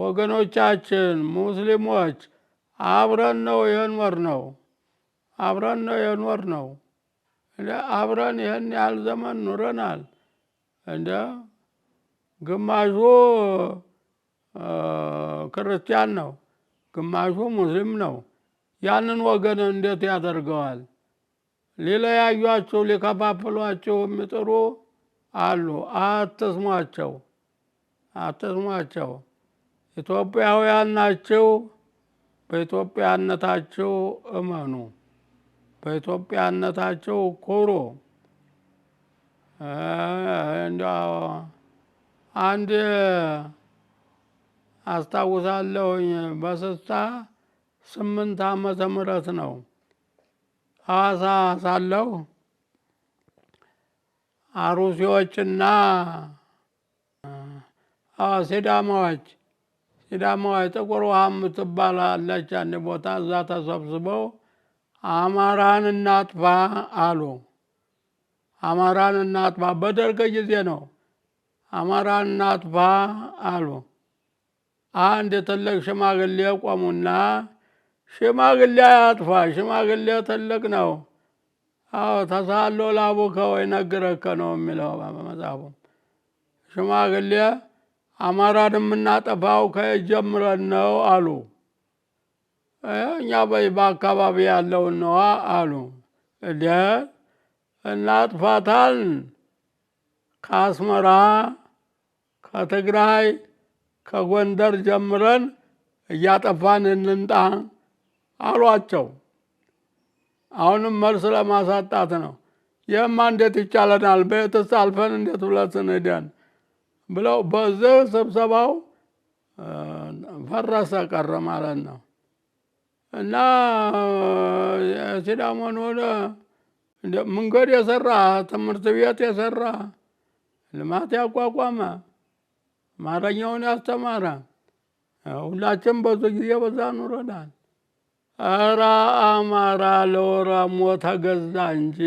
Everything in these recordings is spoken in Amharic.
ወገኖቻችን ሙስሊሞች አብረን ነው የኖር ነው አብረን ነው የኖር ነው አብረን ይህን ያህል ዘመን ኑረናል። እንደ ግማሹ ክርስቲያን ነው፣ ግማሹ ሙስሊም ነው። ያንን ወገን እንዴት ያደርገዋል? ሊለያዩአችሁ ሊከፋፍሏችሁ የሚጥሩ አሉ። አትስሟቸው፣ አትስሟቸው። ኢትዮጵያውያን ናችሁ፣ በኢትዮጵያነታችሁ እመኑ፣ በኢትዮጵያነታችሁ ኩሩ። እንዲያው አንድ አስታውሳለሁኝ በስልሳ ስምንት ዓመተ ምህረት ነው ሐዋሳ ሳለሁ አሩሲዎችና ሲዳማዎች ሲዳማዋ የጥቁር ውሃ የምትባል አለች። አንድ ቦታ እዛ ተሰብስበው አማራን እናጥፋ አሉ። አማራን እናጥፋ በደርግ ጊዜ ነው። አማራን እናጥፋ አሉ። አንድ ትልቅ ሽማግሌ ቆሙና ሽማግሌ አያጥፋ፣ ሽማግሌ ትልቅ ነው። አዎ ተሳሎ ላቡከ ወይ ነግረከ ነው የሚለው መጽሐፉ ሽማግሌ አማራን የምናጠፋው ከጀምረን ነው አሉ። እኛ በአካባቢ ያለውን ነዋ አሉ። እደ እናጥፋታልን ከአስመራ ከትግራይ ከጎንደር ጀምረን እያጠፋን እንንጣ አሏቸው። አሁንም መልስ ለማሳጣት ነው። ይህማ እንዴት ይቻለናል? በየትስ አልፈን እንዴት ብለን ስንሄደን ብለው በዚህ ስብሰባው ፈረሰ ቀረ ማለት ነው። እና ሲዳሞን ወደ መንገድ የሰራ ትምህርት ቤት የሰራ ልማት ያቋቋመ አማርኛውን ያስተማረ ሁላችን በዙ ጊዜ በዛ ኑረናል። እረ አማራ ለኦሮሞ ተገዛ እንጂ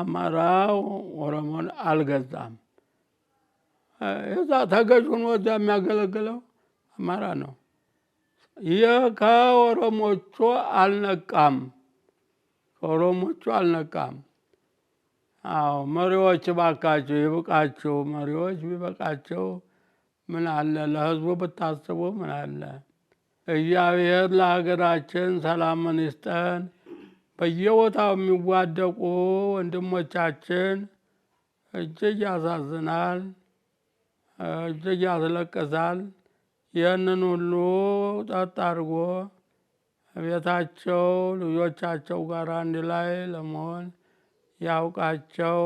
አማራ ኦሮሞን አልገዛም። እዛ ተገዥ ሆኖ እዛ የሚያገለግለው አማራ ነው። ከኦሮሞቹ አልነቃም፣ ከኦሮሞቹ አልነቃም። አዎ መሪዎች ባካቸው ይብቃቸው። መሪዎች ቢበቃቸው ምን አለ ለህዝቡ ብታስቡ ምን አለ። እግዚአብሔር ለሀገራችን ሰላምን ይስጠን። በየቦታው የሚዋደቁ ወንድሞቻችን እጅግ ያሳዝናል። እጅግ ያስለቅሳል። ይህንን ሁሉ ጠጥ አድርጎ ቤታቸው ልጆቻቸው ጋር አንድ ላይ ለመሆን ያውቃቸው።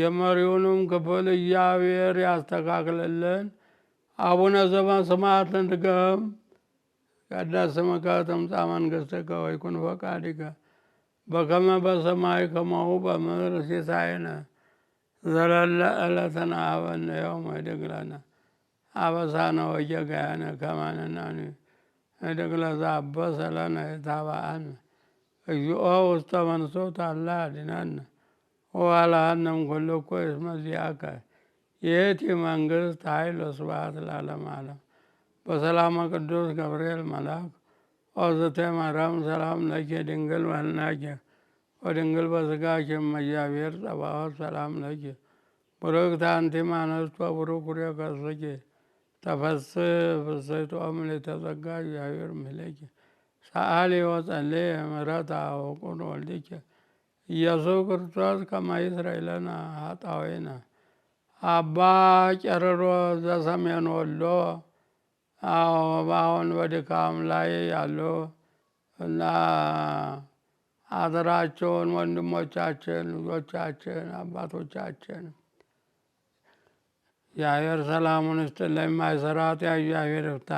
የመሪውንም ክፍል እግዚአብሔር ያስተካክልልን። አቡነ ዘበሰማያት ንድገም ይትቀደስ ስምከ ትምጻእ መንግሥትከ ወይኩን ፈቃድከ በከመ በሰማይ ከማሁ በምድር ሲሳየነ ዘለለ ዕለትን ሀበነ ዮም እድግለነ አበሳነ ወጌጋየነ ከማንናኒ እድግለ ዘአበሰ ለነ ኢታብአነ እግዚኦ ውስተ መንሱት አላ አድኅነነ ወባልሐነ ኩልኮ እኩይ የቲ መንግስት ይእቲ መንግሥት ኃይል ወስብሐት ለዓለመ ዓለም በሰላመ ቅዱስ ገብርኤል መልአክ ኦዝቴ ማርያም ሰላም ለኪ ድንግል ወህልናኪ ወድንግል በስጋሽ እመእግዚአብሔር ጸባኦት ሰላም ለኪ ቡርክት አንቲ ማነስቱ ቡሩክ ከስጅ! ተፈስሕ ፍስሕቶ ምልዕተ ጸጋ እግዚአብሔር እምሕለኪ ሰአሊ ወጸልይ ምሕረተ ወቁል ወልድኪ ኢየሱስ ክርስቶስ ከመ ይስረይ ለነ ኃጣውኢነ አባ ጨረሮ ዘሰሜን ወሎ አሁን በድካም ላይ ያሉ እና አደራቸውን ወንድሞቻችን፣ ልጆቻችን፣ አባቶቻችን የአየር ሰላሙን ስጥ ለማይሰራት የእግዚአብሔር ፍታ